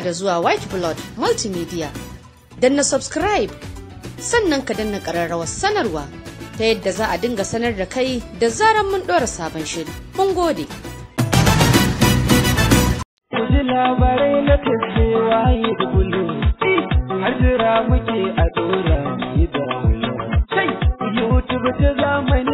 da zuwa white blood multimedia na subscribe sannan ka danna ƙararrawar sanarwa ta yadda za a dinga sanar da kai da zaran mun ɗora sabon shiri mun gode ji labarai na da youtube ta zamani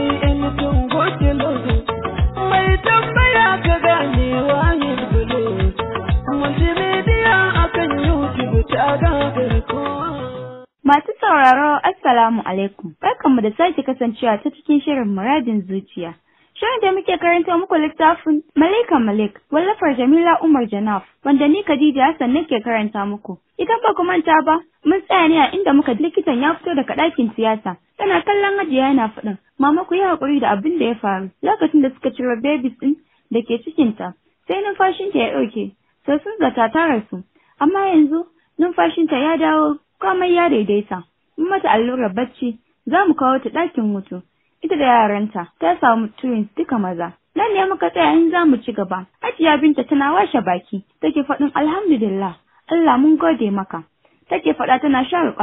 Masu sauraro Assalamu alaikum. Barkanmu da sake kasancewa ta cikin shirin muradin zuciya. Shirin da muke karanta muku littafin Malika Malik, wallafar Jamila Umar Janaf, wanda ni Khadija Hassan nake karanta muku. Idan ba ku manta ba, mun tsaya ne a inda muka likitan ya fito daga ɗakin siyasa. Tana kallon Hajiya yana faɗin, "Mama ku yi haƙuri da abin da ya faru." Lokacin da suka ciro babies ɗin da ke cikinta, sai numfashinta ya ɗauke, sai sun zata ta rasu. Amma yanzu numfashinta ya dawo komai ya daidaita in mata allurar bacci za mu kawo ta ɗakin hutu ita da yaranta ta samu twins duka maza nan ne muka tsaya in za mu ci gaba hajiya binta tana washe baki take faɗin alhamdulillah Allah mun gode maka take faɗa tana share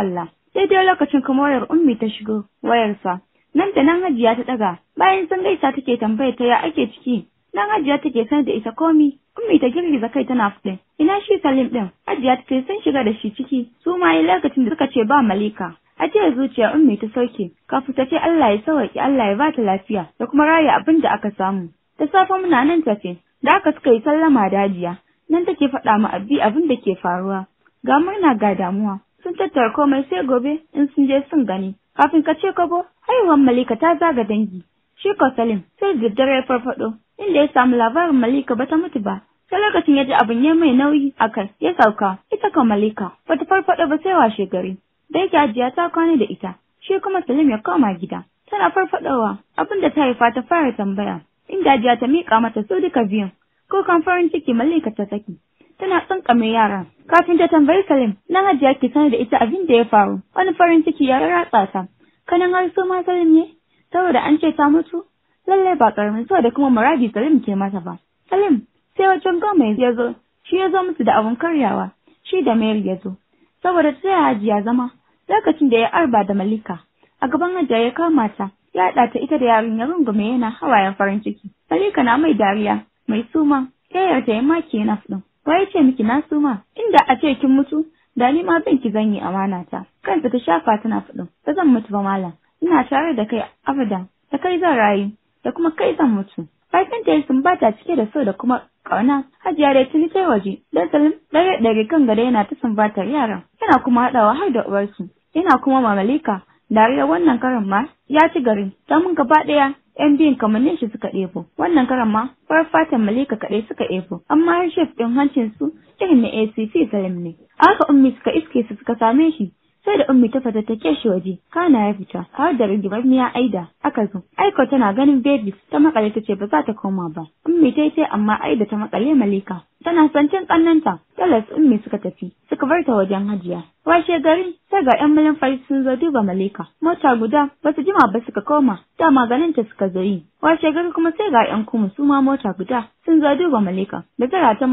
Sai dai lokacin kuma wayar ummi ta shigo wayarsa nan da nan hajiya ta ɗaga bayan sun gaisa take tambayar ta ya ake ciki Dan ajiya take sanar da ita komi. Ummi ta girgiza kai tana fudin. Ina shi Salim din? Ajiya ta san shiga da shi ciki. Su ma yi lokacin da suka ce ba Malika. A ce zuciya Ummi ta sauke. Kafin ta ce Allah ya sauke Allah ya ba ta lafiya da kuma raya abin da aka samu. Ta safe muna nan tafe. Da aka suka yi sallama da Hajiya. Nan take faɗa ma Abi abin da ke faruwa. Ga murna ga damuwa. Sun tattara komai sai gobe in sun je sun gani. Kafin ka ce kabo, haihuwar Malika ta zaga dangi. shiko Salim sai da dare ya farfado inda ya samu labarin Malika ba ta mutu ba. Sai lokacin ya ji abin ya mai nauyi a kan. ya sauka ita kan Malika ba ta farfado ba sai washe gari. Da yake ajiya ta kwana da ita shi kuma Salim ya koma gida. Tana farfadowa abin da ta haifa ta fara tambaya inda ajiya ta miƙa mata su duka biyun. Kukan farin ciki Malika ta saki. tana tsankame yara. Kafin ta tambayi Salim, na hajiya ke sani da ita abin da ya faru. Wani farin ciki ya ratsa ta. Kanan har su ma Salim ne? saboda an ce ta mutu lallai ba karamin so da kuma muradi Salim ke mata ba Salim sai wajen goma ya zo shi ya zo musu da abun karyawa shi da Mary ya zo saboda ta hajiya zama lokacin da ya arba da Malika a gaban hajiya ya kama ta ya haɗa ta ita da yarinyar rungume yana hawayen farin ciki Malika na mai dariya mai suma ya ta ya maki yana Wa ya ce miki na suma inda a ce kin mutu da ni ma zan ki zanyi amana ta kansa ta shafa tana faɗin ba zan mutu ba malam ina tare da kai Abada, da kai zan rayu da kuma kai zan mutu bakin ta sun bata cike da so da kuma kauna hajiya dai tuni kai waje dan salim dare dare kan gada yana ta sumbatar yaran yana kuma haɗawa har da uwarsu yana kuma mamalika rayuwar wannan karan ma ya ci gari mun gaba ɗaya yan biyun kamannin shi suka ɗebo wannan karan ma farar fatan malika kaɗai suka ɗebo amma har shef ɗin hancin su irin na acc salim ne aka ummi suka iske su suka same shi sai da ummi ta fata ta shi waje kana ya fita har da rigimar miya aida aka zo aiko tana ganin babies ta makale ta ce ba za ta koma ba ummi ta ce amma aida ta makale malika tana sancin kannanta talas ummi suka tafi suka bar ta wajen hajiya washe gari sai ga yan milin fari sun zo duba malika mota guda su jima ba suka koma da maganin ta suka zo yi washe gari kuma sai ga yan kuma su ma mota guda sun zo duba malika da tara ta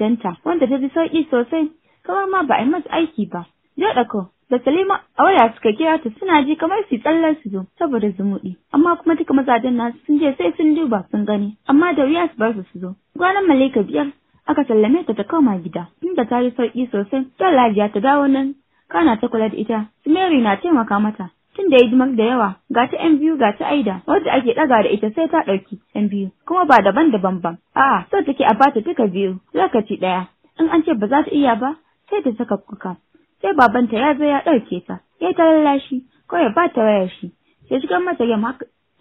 danta. wanda ta ji sauki sosai kamar ma ba a yi masu aiki ba da ko da Salima a waya suka kira ta suna ji kamar su tsallar su zo saboda zumuɗi amma kuma duka mazajen nasu sun je sai sun duba sun gani amma da wuya su bar su su zo gwanan Malaika biyar aka sallame ta ta koma gida da ta yi sauki sosai ta lajiya ta dawo nan kana ta kula da ita Mary na taimaka mata tun da ya da yawa ga ta yan biyu ga ta aida wadda ake ɗaga da ita sai ta ɗauki yan biyu kuma ba daban-daban ba a'a so take a bata duka biyu lokaci ɗaya in an ce ba za ta iya ba sai ta saka kuka sai babanta ya zo ya ɗauke ta ya ta lallashi ko ya bata wayar shi sai shigar mata yamma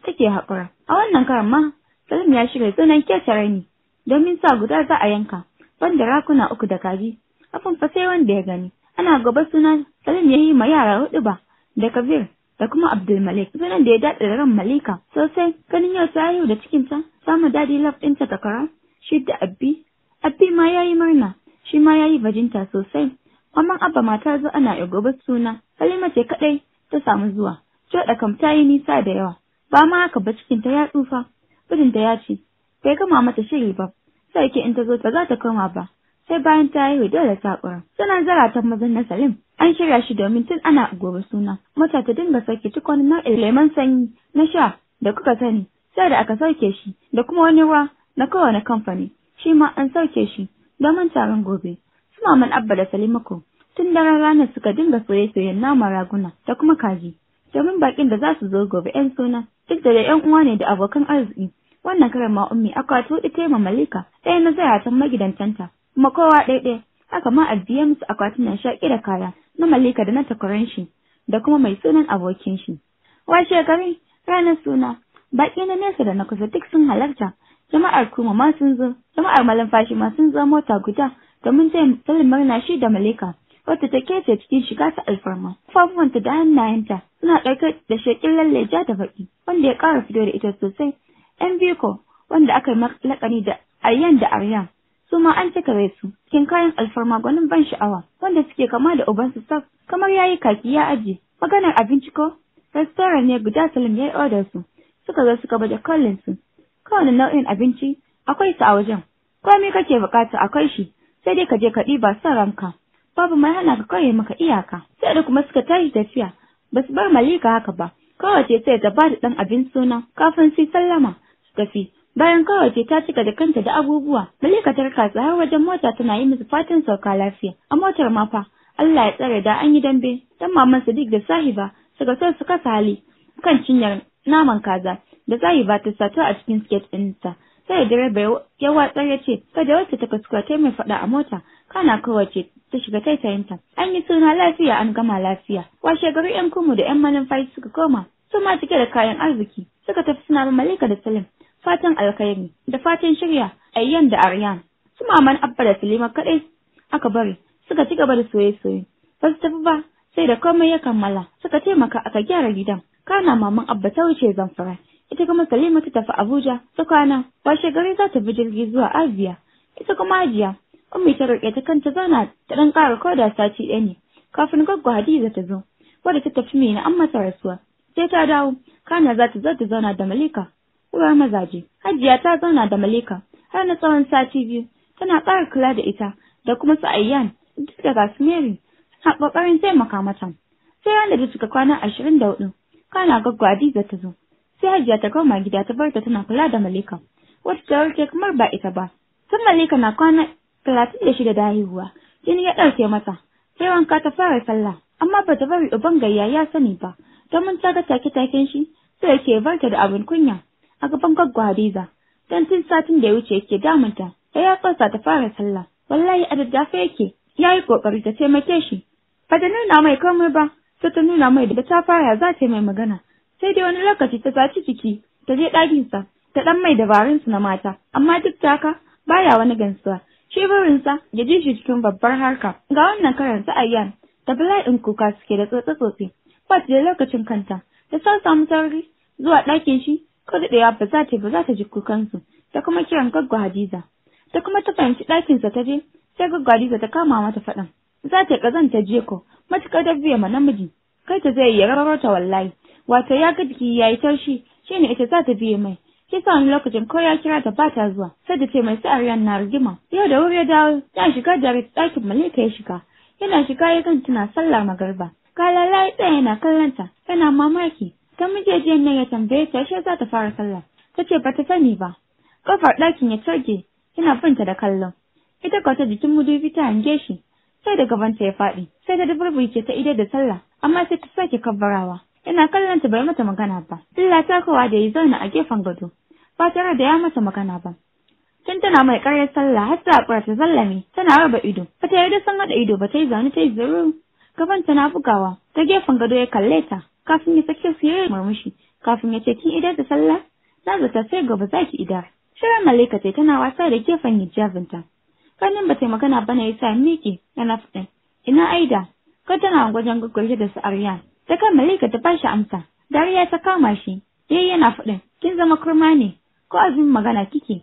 take haƙura a wannan karan ma Salim ya shirya sunan keta ne domin sa guda za a yanka banda rakuna uku da kaji kafin fa sai wanda ya gani ana gaba sunan Salim ya yi ma yara huɗu ba da Kabir da kuma Abdulmalik. Sunan da ya daɗe da ran Malika sosai ganin yau ta yi da cikinta samun daɗi laf ɗinta ta kara shi da Abbi. Abbi ma ya yi murna shi ma ya yi bajinta sosai. amma Abba mata zo ana ya gobe suna, Halima ce kaɗai ta samu zuwa. da kam ta yi nisa da yawa, ba ma haka ba cikinta ya tsufa. ta ya ce, sai gama mata shiri ba, sai ke in ta zo ta za ta koma ba. Sai bayan ta haihu dole da ƙura. Sunan ta mazan na Salim, an shirya shi domin tun ana gobe suna. Mata ta dinga sauke duk wani nau'in lemon sanyi na sha da kuka sani, sai da aka sauke shi da kuma wani ruwa na kowane kamfani, shi ma an sauke shi domin taron gobe. Maman Abba da Salimaku tun daren ranar suka dinga soye-soyen nama raguna da kuma kaji. Domin bakin da za su zo gobe 'yan suna duk da 'yan uwa ne da abokan arziki. Wannan karan ma ummi akwati hudu ta ma malika ɗaya na zayatan magidantanta kuma kowa daidai Haka ma a musu musu akwatunan shaƙi da kaya na malika da na takwaran shi da kuma mai sunan abokin shi. wa shekari ranar suna baƙi na nesa da na kusa duk sun halarta jama'ar kuma ma sun zo jama'ar malamfashi ma sun zo mota guda da domin zai murna shi da malika Wata ta kece cikin shiga ta alfarma. Fafuwanta da hannayenta suna ɗauke da shekin lalle ja da baƙi wanda ya ƙara fito da ita sosai. ‘Yan biko wanda aka yi lakani da Aryan da Aryan su ma an cika su cikin kayan alfarma gwanin ban sha'awa wanda suke kama da ubansu saf kamar ya yi kaki ya aje. Maganar abinci ko restaurant ne guda salim ya yi odar su suka zo suka bada kallon su. Kowane nau'in abinci akwai su a wajen. Komai kake bukata akwai shi. sai dai ka je ka ɗiba son ranka babu mai hana ka kawai maka iyaka sai da kuma suka tashi tafiya ba su bar malika haka ba kawace sai ta ba da ɗan abin suna kafin su sallama su tafi bayan kawace ta cika da kanta da abubuwa malika ta rika har wajen mota tana yi musu fatan sauka lafiya a motar ma fa Allah ya tsare da an yi dambe dan maman Sadiq da Sahiba suka so su kasa hali kan cinyar naman kaza da Sahiba ta sato a cikin siket ɗinta sai direba ya watsar ya ce 'Ka kada wacce ta kuskura ta mai faɗa a mota kana kowace ta shiga taitayinta an yi suna lafiya an gama lafiya washe gari yan kumu da yan manumfashi suka koma su ma cike da kayan arziki suka tafi suna malika da salim fatan alkhairi da fatan shirya ayyan da aryan su maman abba da salima kaɗai aka bari suka ci gaba da soye-soye ba su tafi ba sai da komai ya kammala suka taimaka aka gyara gidan kana maman abba ta wuce zamfara ita kuma Salima ta tafi Abuja ta kwana washe gari za ta bi jirgi zuwa Abia ita kuma Hajiya ummi ta roƙe ta kanta zauna ta ɗan ƙara da sati ɗaya ne kafin gaggo Hadiza ta zo wadda ta tafi mai an masa rasuwa sai ta dawo kana za ta zo ta zauna da Malika uwa mazaje Hajiya ta zauna da Malika har na tsawon sati biyu tana ƙara kula da ita da kuma su Ayyan duk da Gasmeri suna ƙoƙarin taimaka mata sai ranar da suka kwana ashirin da hudu kana gaggo Hadiza ta zo sai hajiya ta koma gida ta barta tana kula da malika wata ta warke kamar ba ita ba tun malika na kwana talatin da shida da haihuwa jini ya ɗauke mata sai wanka ta fara sallah amma ba ta bari uban gayya ya sani ba domin ta ga take-taken shi sai yake barta da abin kunya a gaban gaggo Hadiza dan tun satin da ya wuce yake damunta da ya tsotsa ta fara sallah wallahi a daddafe yake yi kokari ta taimake shi ba ta nuna mai komai ba sai ta nuna mai da ta fara za ta mai e magana sai dai wani lokaci ta saci jiki ta je ɗakinsa ta ɗan mai dabarunsu na mata amma duk da haka baya wani gansuwa shi burinsa ya ji shi cikin babbar harka ga wannan karanta su ayyan da bala'in kuka suke da tsotse-tsotse ba ta da lokacin kanta da ta samu sarari zuwa ɗakin shi ko daɗewa ba za ta ba za ta ji kukansu ta kuma kiran gaggwa hadiza ta kuma ta fahimci ɗakinsa ta je sai gaggwa hadiza ta kama mata faɗan za ta ƙazanta jeko matuƙar ta biya ma namiji kai ta zai yi rarrata wallahi wato ya ga jiki yayi taushi shine ita za ta biye mai ki sa wani lokacin ko ya kira ta ba ta zuwa sai da ce mai sa Aryan na rigima yau da wuri ya dawo ya shiga da ɗakin Malika ya shiga yana shiga ya kan tana sallah magarba kalala ya tsaya yana kallon ta yana mamaki ta mijejiyar nan ya tambaye ta shi za ta fara sallah ta ce ba ta sani ba kofar ɗakin ya targe yana finta da kallon ita ta jikin mudubi ta hange shi sai da gabanta ya faɗi sai ta dubar ta ida da sallah amma sai ta sake kabbarawa Yana kallon ta bai mata magana ba, illa kowa da ya zauna a gefen gado, ba tare da ya mata magana ba. Tun tana mai karyar sallah har ta ta zallame, tana raba ido, ba ta yarda sun haɗa ido ba ta yi zaune ta yi zuru. Gaban ta na bugawa, ta gefen gado ya kalle ta, kafin ya sake su yi murmushi, kafin ya ce kin idar ta sallah, na zata sai gaba za ki idar. Shirin Malika ce tana wasa da gefen ta. Kanin ba ta magana ba na sa miki yana faɗin. Ina Aida, ka tana wajen gwaggwaje da su Aryan. Ta kan Malika ta bashi amsa, dariya ta kama shi, yayi yana faɗin, kin zama kurma ne, ko azumin magana kike.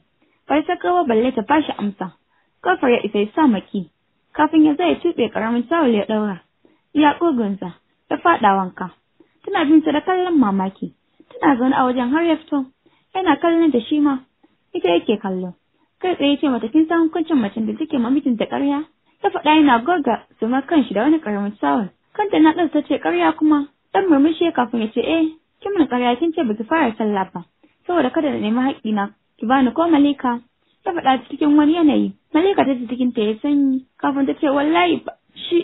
Farsakawa balle ta bashi amsa, kafar ya isa ya sa maki, kafin ya zai tuɓe ƙaramin tawul ya ɗaura. Ya ƙugunsa, ta faɗa wanka. Tana ta da kallon mamaki, tana zaune a wajen har ya fito, yana kallon da shi ma, ita yake kallo. Kai tsaye ce mata kin san hukuncin macen da take mamijin da ƙarya? Ta faɗa yana goga kan kanshi da wani ƙaramin tawul. Kanta na ɗan ta ce ƙarya kuma ɗan murmushi ya kafin ya ce eh kin mun ƙarya kin ce baki fara sallah ba saboda kada da nemi haƙƙi na, ki bani ko malika ta faɗa cikin wani yanayi malika ta ji cikin ta ya sanyi kafin ta ce wallahi shi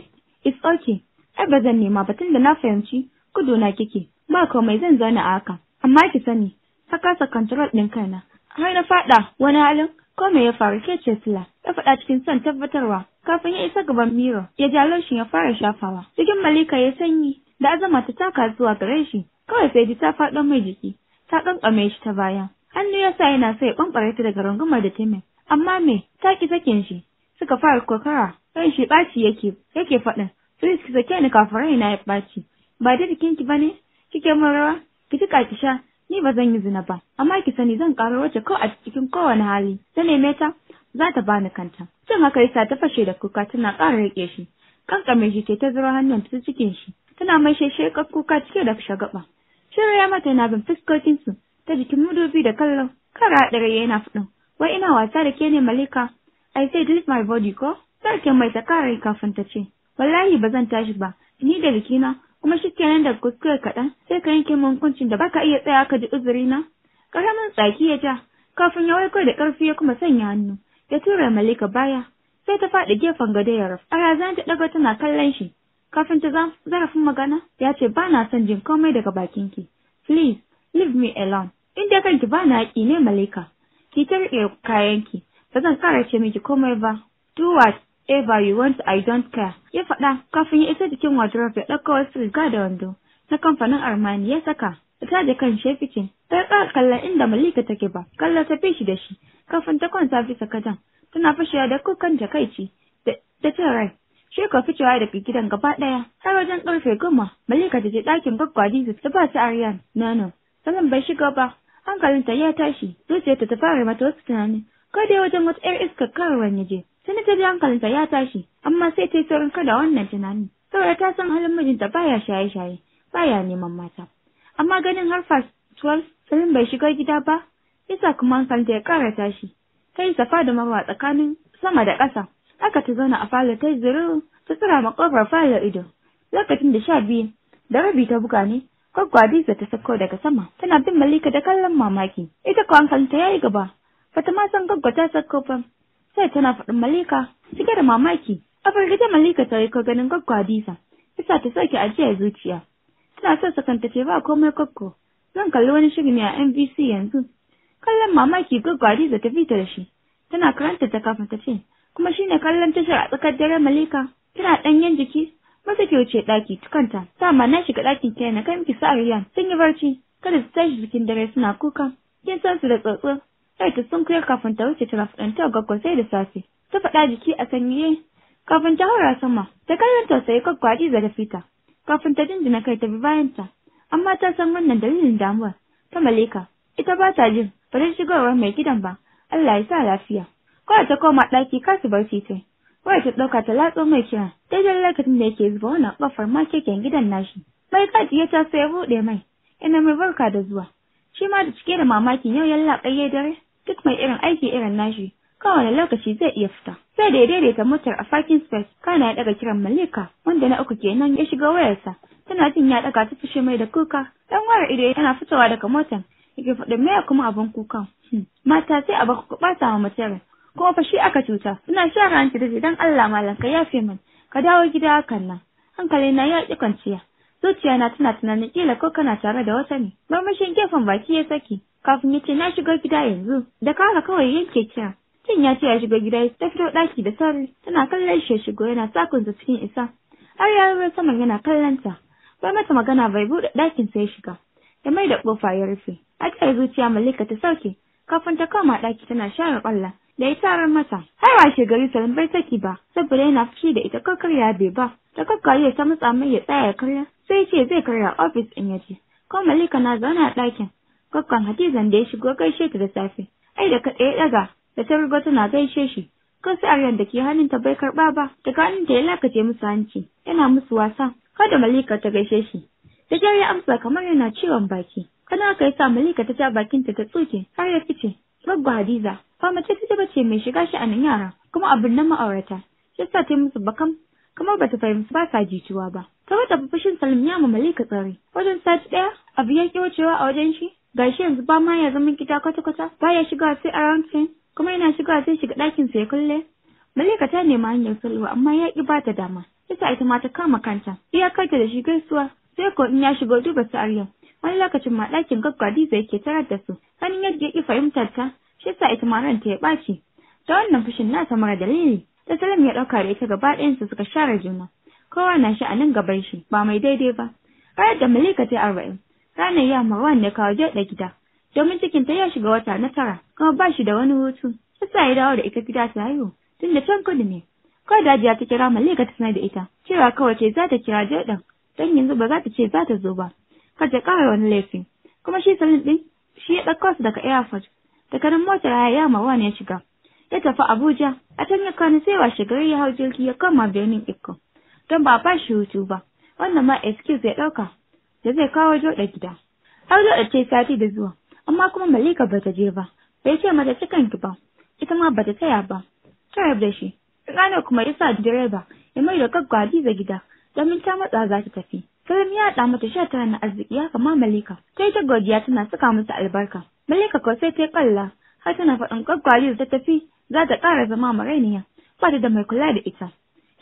it's okay ai ba zan nema ba tunda na fahimci kudu na kike ba komai zan zauna a haka amma ki sani ta kasa control ɗin kaina har na faɗa wani halin ko me ya faru ke ce sila ya faɗa cikin son tabbatarwa kafin ya isa gaban miro ya ja laushin ya fara shafawa cikin malika ya sanyi da azama ta taka zuwa gare shi kawai sai ji ta faɗo mai jiki ta kankame shi ta baya hannu ya sa yana so ya ta daga rungumar da ta mai amma me ta ki sakin shi suka fara kokara ran shi ɓaci yake yake faɗin sai ki sake ni kafin raina ya ɓaci ba da kinki ba ne kike mun rawa ki ka ki sha ni ba zan yi zina ba amma ki sani zan ƙaro wacce ko a cikin kowane hali ta neme ta za ta bani kanta jin haka yasa ta fashe da kuka tana ƙara rike shi kankame shi ke ta zura hannun ta cikin shi tana mai sheshe kuka cike da shagaba shiru ya mata yana bin fuskokin ta jikin mudubi da kallo kara dare yana fudin wai ina wasa da ke ne malika i said leave my body ko sarkin mai ta kare kafin ta ce wallahi ba zan tashi ba ni da jikina kuma shikenan da kuskure kaɗan sai ka yanke min hukuncin da baka iya tsaya ka ji uzuri na karamin tsaki ya ja kafin ya waiko da ƙarfi ya kuma sanya hannu ya tura malika baya sai ta faɗi gefen gado ya rufe. a razan ta ɗaga tana kallon shi kafin ta zarafin magana ya ce ba na son jin komai daga bakin ki. please leave me alone in dai kanki ba na haƙi ne malika ki ta riƙe kayanki ba zan ƙara ce miki komai ba do what Ever you want, I don't care. Ya faɗa kafin ya isa jikin wardrobe ya ɗauko wasu riga da wando na kamfanin Armani ya saka. Ta taje kan shefikin. Ta ƙara kallon inda Malika take ba, kallon ta fi shi da shi. Kafin ta kwanta bisa kadan, tana fashewa da kukan jakaici da cin rai. She ka ficewa daga gidan gaba ɗaya har wajen ƙarfe goma. Malika ta je ɗakin gwaggwadi ta ba ta Aryan. Nono, salon bai shiga ba. Hankalinta ya tashi, zuciyarta ta fara mata wasu tunani. Ko dai wajen wata 'yar iskar karuwan ya je. Sai ta biyan hankalinta ya tashi, amma sai ta yi saurin kada wannan tunani Saboda ta san halin mijinta baya shaye-shaye, baya neman mata. Amma ganin har fatuwar, tsarin bai shiga gida ba, yasa kuma hankalinta ya ƙara tashi. Ta yi safa da marwa tsakanin sama da ƙasa. Haka ta zauna a falo ta zuru ta tsira ma ƙofar falo ido. Lokacin da sha biyu da rabi ta buga ne, gwaggwadiza ta sako daga sama tana bin malika da kallon mamaki ita ko hankalinta yi gaba bata ma san gwaggwa ta sako ba sai tana faɗin malika cike da mamaki a firgita malika ta yi ganin gaggo hadiza isa ta sauke ajiyar zuciya tana son sakanta ce ba komai gaggo zan kalli wani shiri ne a MVC yanzu kallon mamaki gaggo hadiza ta fita da shi tana karanta ta kafin ta ce kuma shine kallon tashar a tsakar dare malika tana ɗanyen jiki masa ke wuce ɗaki tukanta dama na shiga ɗakin kenan kan miki sa riyan sun yi barci kada su tashi jikin dare suna kuka kin san su da tsotso sai ta sunkuyar kafin ta wuce tana ta ga sai da safe ta faɗa jiki a sanyi kafin ta haura sama ta kallon tausayi gaggo Hadiza da fita kafin ta dindina kai ta bi bayanta amma ta san wannan dalilin damuwa. ta malika ita ba ta jin bari shigowar mai gidan ba Allah ya sa lafiya kawai ta koma ɗaki kasu barci ta wai ta ɗauka ta latso mai kira daidai lokacin da yake zuba wannan ƙofar ma keken gidan nashi mai kaji ya taso ya buɗe mai ina mai barka da zuwa shi ma da cike da mamakin yau yalla ƙayyadare duk mai irin aiki irin nashi kowane lokaci zai iya fita sai da ya daidaita motar a fakin space kana ya daga kiran malika wanda na uku kenan ya shiga wayarsa tana jin ya daga ta fushe mai da kuka dan wara ido yana fitowa daga motar yake faɗin maya kuma abin kuka. Hmm, mata sai a baka ku ɓata wa mace kuma fa shi aka cuta ina sha ranki da dan Allah malam ka yafe min ka dawo gida hakan nan hankali na ya ƙi kwanciya zuciya na tana tunanin kila ko kana tare da wata ne murmushin gefen baki ya saki kafin ya ce na shiga gida yanzu da kara kawai yanke kira cin ya ce ya shiga gida ya ta fito ɗaki da sauri tana kallon shi ya shigo yana sakonsa cikin isa har ya rubar saman yana kallonta. ta bai mata magana bai buɗe ɗakin sai shiga ya mai da ƙofa ya rufe A ajiyar zuciya malika ta sauke kafin ta kama ɗaki tana share ƙwallon da ya tarar mata har shi gari salin bai saki ba saboda yana fushi da ita karya bai ba ta kakkarya ta matsa mai ya tsaya ya karya sai ce zai karya ofis in ya ce ko malika na zaune a ɗakin Gwaggon Hadizan da ya shigo gaishe ta da safe, ai da kaɗai ya ɗaga da ta rubuta tana gaishe shi. sai aryan da ke hannunta bai karɓa ba, daga hannunta ya lakace musu hanci, yana musu wasa, kada Malika ta gaishe shi. Da jar ya amsa kamar yana ciwon baki. Kana ka yi sa Malika ta ja bakinta ta tsoke har ya fice. Babba Hadiza, fa mace ta ce mai shiga sha'anin yara, kuma abin na ma'aurata. Ya sa ta yi musu bakam kamar bata fahimci ba sa jituwa ba. Ta wata fushin Salim ya ma Malika tsare. Wajen sati ɗaya, abu ya ƙi wucewa a wajen shi, gashi yanzu ba ma ya zama gida kwata-kwata ba ya shiga sai a rancin kuma yana shiga sai shiga ɗakin sa ya kulle malika ta nema hanyar sulhu amma ya ki bata dama yasa ita ma ta kama kanta iyakarta da shi gaisuwa sai ko in ya shigo duba su arya wani lokacin ma ɗakin gaggwadi zai yake tarar da su Kanin yadda ya ki fahimtar ta shi yasa ita ma ranta ya ɓaci ta wannan fushin na ta mara dalili da salam ya ɗauka da ita gaba ɗayansu suka share juna kowa na shi a nan gaban shi ba mai daidai ba rayar da malika ta arba'in ranar yamma ya kawo jaɗa gida domin cikinta ya shiga wata na tara kuma ba shi da wani hutu sa ya dawo da ita gida ta haihu tun da can kudu ne kawai dajiya ta kira malika ta sanar da ita cewa kawai ce za ta kira jordan don yanzu ba za ta ce za ta zo ba Ka ta kawo wani laifin, kuma shi salin ɗin shi ya ɗauko su daga airport takarin motar haya ya mawa ne ya shiga ya tafi abuja a can ya kwana sai washe gari ya hau jirgi ya koma birnin ikko don ba ba shi hutu ba wannan ma excuse ya ɗauka da zai kawo joɗa gida. Har joɗa ce sati da zuwa, amma kuma Malika ba ta je ba, bai ce mata cikin ki ba, ita ma ba ta taya ba. Ta da shi, ranar kuma ya sa direba ya mai da gaggwa Hadiza gida, domin ta matsa za ta tafi. Salim ya haɗa mata sha tara na arziki ya kama Malika, ta yi ta godiya tana saka masa albarka. Malika ko sai ta yi kalla, har tana faɗin gaggwa Hadiza ta tafi, za ta ƙara zama marainiya, ba ta da mai kula da ita.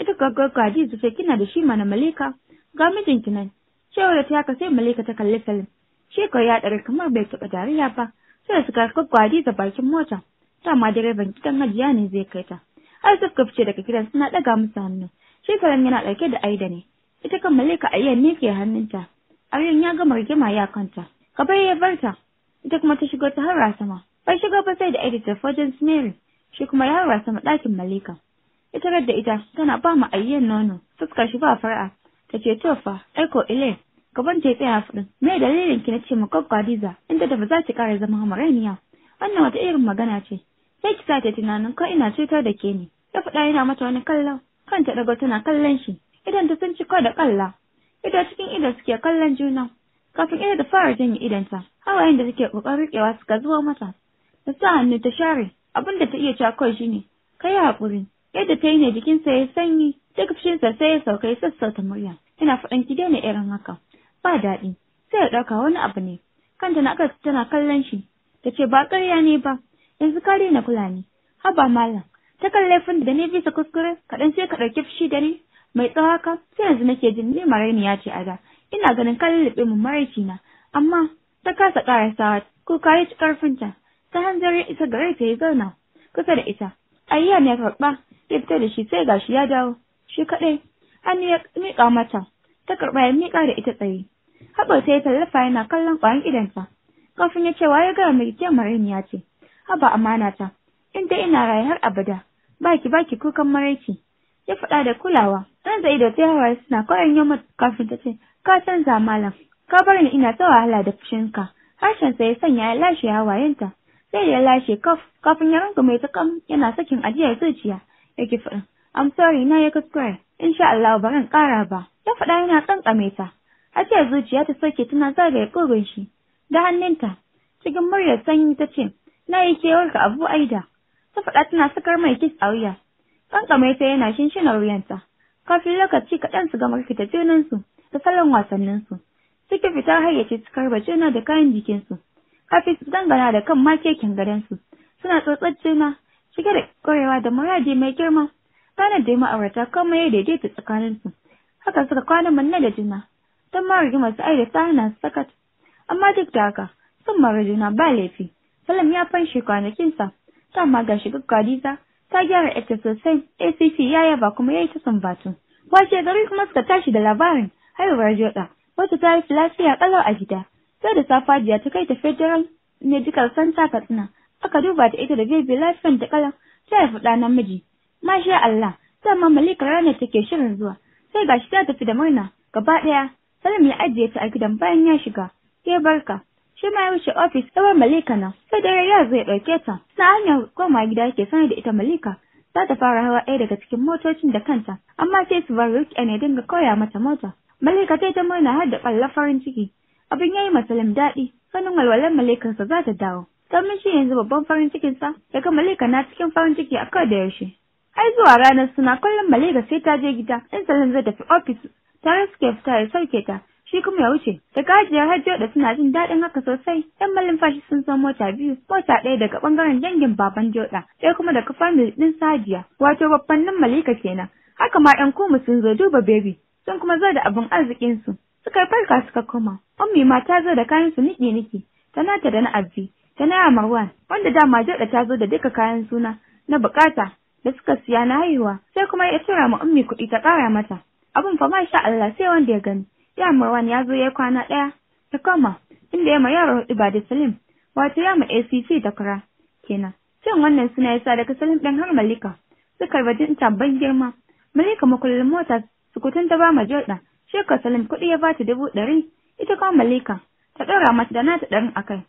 Ita gaggwa Hadiza sai kina da shi mana Malika, ga mijinki nan Cewar da ta haka sai Malika ta kalli Salim. Shekar ya ɗari kamar bai taɓa dariya ba. Sai da suka gwaggwadi da bakin mota. Dama direban gidan hajiya ne zai kai ta. Har suka fice daga gidan suna ɗaga musu hannu. Shekaran yana ɗauke da aida ne. Ita kan Malika a ne ke hannunta. Aryan ya gama rigima ya kanta. Kabar ya barta. Ita kuma ta shigo ta harra sama. Bai shiga ba sai da aida ta fojin Smeri. Shi kuma ya harra sama ɗakin Malika. Ita da ita tana ba mu ayyan nono. Fuskar shi ba fara'a. ta ce to fa aiko ile gaban ta tsaya fudin me dalilin ki na ce ma gwaggwadiza inda da ba za ki kara zama mareniya wannan wata irin magana ce sai ki sa ta tunanin ko ina cutar da ke ne ya faɗa yana mata wani kallon kanta daga tana kallon shi idan ta sun ci da kalla ido cikin ido suke kallon juna kafin ina da fara janye idanta hawayen da suke kokarin rikewa suka zuwa mata ta sa hannu ta share abin da ta iya cewa kawai shine kai haƙuri yadda ta yi ne jikinsa ya sanyi duk fushinsa sai ya sauka ya sassauta murya ina faɗin ki daina irin haka ba daɗi sai ya ɗauka wani abu ne kanta na aka tana kallon shi ta ce ba ƙarya ne ba yanzu ka na kula ne haba malam ta kan laifin da ne bisa kuskure kaɗan sai ka ɗauki fushi da ni mai tsawo haka sai yanzu nake jin ni ya ce a da ina ganin ka lullube mu maraici na amma ta kasa sawa ko kare ci ƙarfinta ta hanzari isa gare ta yi zauna kusa da ita ayyana ne karɓa ya fita da shi sai gashi ya dawo shi kaɗai an ya miƙa mata ta karɓa ya miƙa da ita tsaye haɓar ta ya tallafa yana kallon ƙwayan idanta kafin ya ce waye gara mai kyan ya ce haba amana ta in dai ina raye har abada baki baki kukan maraici ya faɗa da kulawa ɗan zai da tsayawa suna kwarin yamma kafin ta ce ka canza malam ka bar ni ina ta wahala da fushinka harshen sa ya sanya ya lashe hawayenta sai ya lashe kaf kafin ya rungume ta kan yana sakin ajiyar zuciya yake faɗin I'm sorry na ya kuskure. Insha Allah ba ran kara ba. Ya faɗa yana tsantsame ta. ce zuciya ta sauke tana zagaye kogon shi. Da hannunta. Cikin muryar sanyi ta ce, Na yi kewar ka abu aida. Ta faɗa tana sakar mai kis a wuya. Tsantsame ta yana shinshinar wuyanta. Kafin lokaci kaɗan su gama rikita junansu da salon wasanninsu. Suke fitar hayyace su karba juna da kayan jikinsu. Kafin su dangana da kan makekin gadansu. Suna tsotsar juna, cike da ƙwarewa da muradi mai girma. ranar da ma'aurata kuma ya daidaita tsakaninsu haka suka kwana manne da juna don ma rigimar su aida ta hana sakat amma duk da haka sun mara juna ba laifi salam ya fanshe kwanakinsa ta ma ga shiga kwadiza ta gyara ita sosai acc ya yaba kuma ya yi ta sumbatu washe gari kuma suka tashi da labarin haihuwar joda Wata ta yi lafiya kalau a gida sai da safajiya ta kai ta federal medical center katsina aka duba ta ita da bebe lafiyan ta kalau ta haifi ɗa namiji Masha Allah, ma Malika rana take shirin zuwa, sai gashi ta tafi da murna gaba ɗaya. Salim ya ajiye ta a gidan bayan ya shiga. Ke barka, shi ma ya wuce ofis tsawon Malika na. sai dare ya zai ya ɗauke ta. Na hanyar koma gida ke sanar da ita Malika, za ta fara hawa ɗaya daga cikin motocin da kanta, amma sai su bar Rukiya ne dinga koya mata mota. Malika ta yi ta murna har da ɓalla farin ciki. Abin ya yi ma Salim daɗi, sanin walwalan Malikansa za ta dawo. Kamin shi yanzu babban farin cikinsa, ya ga Malika na cikin farin ciki a da yaushe. Ai zuwa ranar suna kullum Malika sai ta je gida in salin zai tafi ofis tare suke fita ya sauke ta shi kuma ya wuce da gajiyar hajjo da suna jin daɗin haka sosai yan malin fashi sun san mota biyu mota ɗaya daga ɓangaren dangin baban joɗa ɗaya kuma daga famil ɗin sajiya wato babban nan malika kenan haka ma 'yan kuma sun zo duba bebi sun kuma zo da abin su suka farka suka koma ummi ma ta zo da kayan su niki niki ta nata da na abbi ta na marwan wanda dama joɗa ta zo da duka kayan suna na bukata da suka siya na haihuwa sai kuma ya tura ma ummi kuɗi ta ƙara mata abin fa sha Allah sai wanda ya gani ya Marwan ya zo ya kwana ɗaya ta koma inda ya ma yaro hudu ba da Salim wato ya ma ACC da kura kenan cin wannan suna yasa daga Salim ɗin har Malika suka yi ban girma Malika makullin mota sukutun ta ba ma jirɗa shekar Salim kuɗi ya bata dubu ɗari ita kuma Malika ta ɗora mata da nata ɗarin a kai.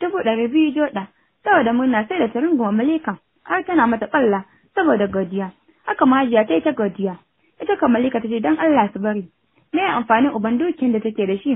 dubu ɗari biyu joɗa saboda murna sai da ta runguma Malika har tana mata ƙalla saboda godiya haka mahajiya ta yi ta godiya ita ka malika ta ce don Allah su bari me amfanin uban dukiyar da take da shi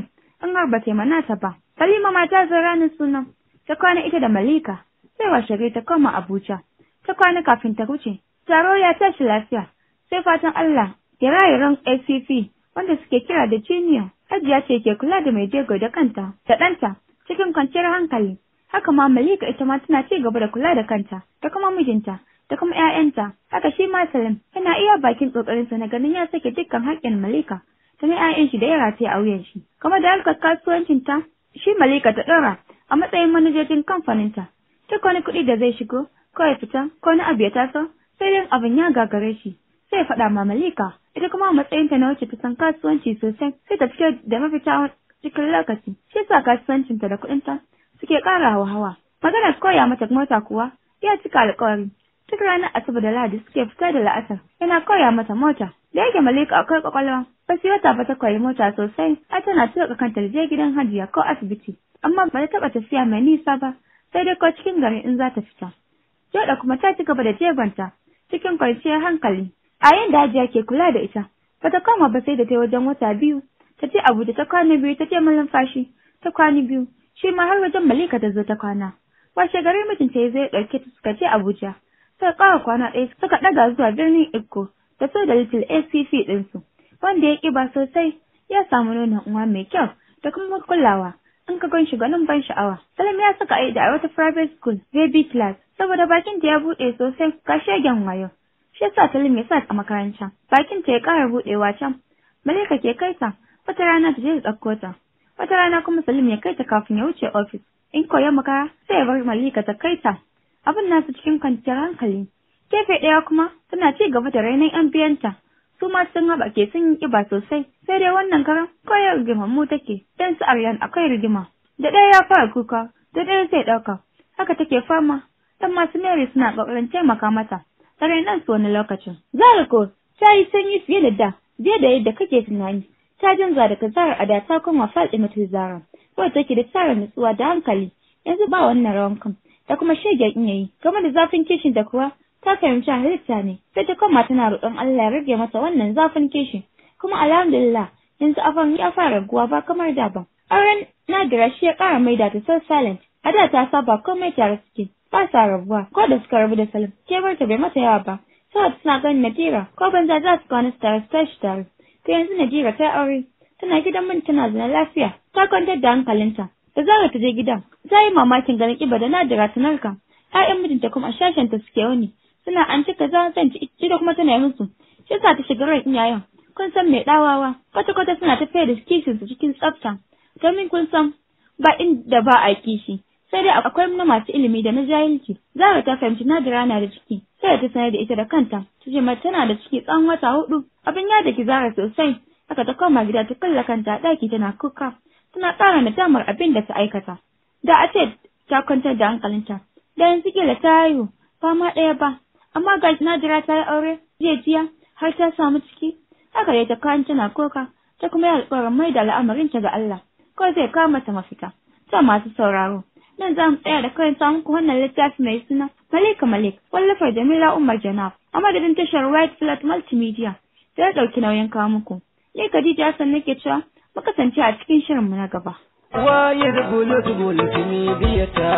in har ba ta mana ta ba Salima ma ta zo ranar sunan ta kwana ita da malika sai washe ta koma Abuja ta kwana kafin ta wuce taro ya shi lafiya sai fatan Allah kirayiran ACP wanda suke kira da junior Hajiya ce ke kula da mai jego da kanta da ɗanta cikin kwanciyar hankali haka ma Malika ita ma tana ci gaba da kula da kanta da kuma mijinta da kuma ‘ya'yanta, haka shi ma Salim yana iya bakin sa na ganin ya sake dukkan haƙƙin Malika ta na ‘ya'yan shi da ya rataye a wuyan shi. Kuma da harkar kasuwancinta shi Malika ta ɗora a matsayin manajojin kamfaninta. Duk wani kuɗi da zai shigo, ko ya fita, ko na abu ya taso, sai dai abin ya gagare shi. Sai faɗa ma Malika, ita kuma a ta na wacce ta san kasuwanci sosai, sai ta fice da mafita cikin lokaci. Shi sa kasuwancinta da kuɗin ta suke ƙara hawa-hawa. Maganar koya mata mota kuwa ya cika alƙawari. Duk ranar Asabar da Lahadi suke fita da la'asar. Yana koya mata mota. Da yake Malika akwai kwakwalwa. Basi wata ba ta koyi mota sosai. Ai tana ka kanta da je gidan Hajiya ko asibiti. Amma ba ta taɓa tafiya mai nisa ba. Sai dai ko cikin gari in za ta fita. Joda kuma ta ci gaba da jegonta. Cikin kwanciyar hankali. A da Hajiya ke kula da ita. Ba ta koma ba sai da ta wajen wata biyu. Ta ce Abuja ta kwana biyu ta ce Fashi Ta kwana biyu. Shi ma har wajen Malika ta zo ta kwana. washe gari mijinta ya zai ɗauke ta suka je Abuja. suka ƙara kwana ɗaya suka ɗaga zuwa birnin Ikko da so da Little ACP ɗinsu, wanda ya ƙiba sosai ya samu nonon uwa mai kyau da kuma kulawa. In ka gan shi ganin ban sha'awa. Salim ya saka aida a wata private school, baby class, saboda bakin ta ya buɗe sosai ga shegen wayo. Shi yasa Salim ya sa a makaranta. Bakin ta ya ƙara buɗewa can. Malika ke kai ta, wata rana ta je ta ɗauko ta. Wata rana kuma Salim ya kai ta kafin ya wuce ofis. In koyo makara sai ya bar Malika ta kai ta abin nasu cikin kwanciyar hankali kefe ɗaya kuma tana ci gaba da rainon yan biyanta su ma sun haɓa ke sun yi ƙiba sosai sai dai wannan karan koyar rigimar mu take dan su aryan akwai rigima da ɗaya ya fara kuka da ɗaya zai ɗauka haka take fama dan masu Mary suna ƙoƙarin taimaka mata. Da nan su wani lokacin. Zara ko ta yi sanyi fiye da da, fiye da yadda kake tunani. Ta janza daga zarar a da ta koma mutu Zara, wadda take da tsara nutsuwa da hankali. Yanzu ba wannan rawan kan. da kuma shegen in yayi game da zafin kishin da kuwa ta fahimci halitta ne sai ta koma tana roƙon Allah ya rage masa wannan zafin kishin kuma alhamdulillah yanzu afan ya fara raguwa ba kamar da ba auren Nadira shi ya ƙara maida ta so silent a da ta saba komai tare suke ba sa rabuwa ko da suka rabu da Salim kebar ta bai mata yawa ba saboda suna ganin Nadira ko banza za su kwana su tare su tashi tare ta yanzu Nadira ta aure tana gidan mintuna tana zina lafiya ta kwantar da hankalinta da zarar ta je gidan ta yi mamakin ganin kiba da nadira ta narka ƴaƴan mijinta kuma sashenta shashen ta suke wani suna an cika za zan ci da kuma tana yi musu shi yasa ta shiga ran iyayen kun san mai ɗawawa kwata kwata suna tafiya da kishin su cikin tsafta domin kun san ba inda ba a kishi sai dai akwai na masu ilimi da na jahilci zara ta fahimci nadira na da ciki sai ta sanar da ita da kanta ta ce mace tana da ciki tsawon wata hudu abin ya da ki zara sosai aka ta koma gida ta kalla kanta a ɗaki tana kuka tana ƙara nadamar abin da ta aikata da a ce ta kwantar da hankalinta da yanzu kila ta haihu ba ma ɗaya ba amma ga Nadira ta yi aure jiya jiya har ta samu ciki haka da ta kayan tana koka ta kuma yi alƙawarin mai da al'amarinta ga Allah ko zai kama ta mafita ta masu sauraro nan za mu tsaya da karanta muku wannan littafi mai suna Malika Malik wallafar Jamila Umar Janaf a madadin tashar White Flat Multimedia da ya ɗauki nauyin kawo muku. Ni Khadija Hassan nake cewa mu kasance a cikin shirinmu na gaba. Waye da bulut bulut biya ta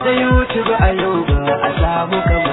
sai wuce ba a yau ba a samu kamar.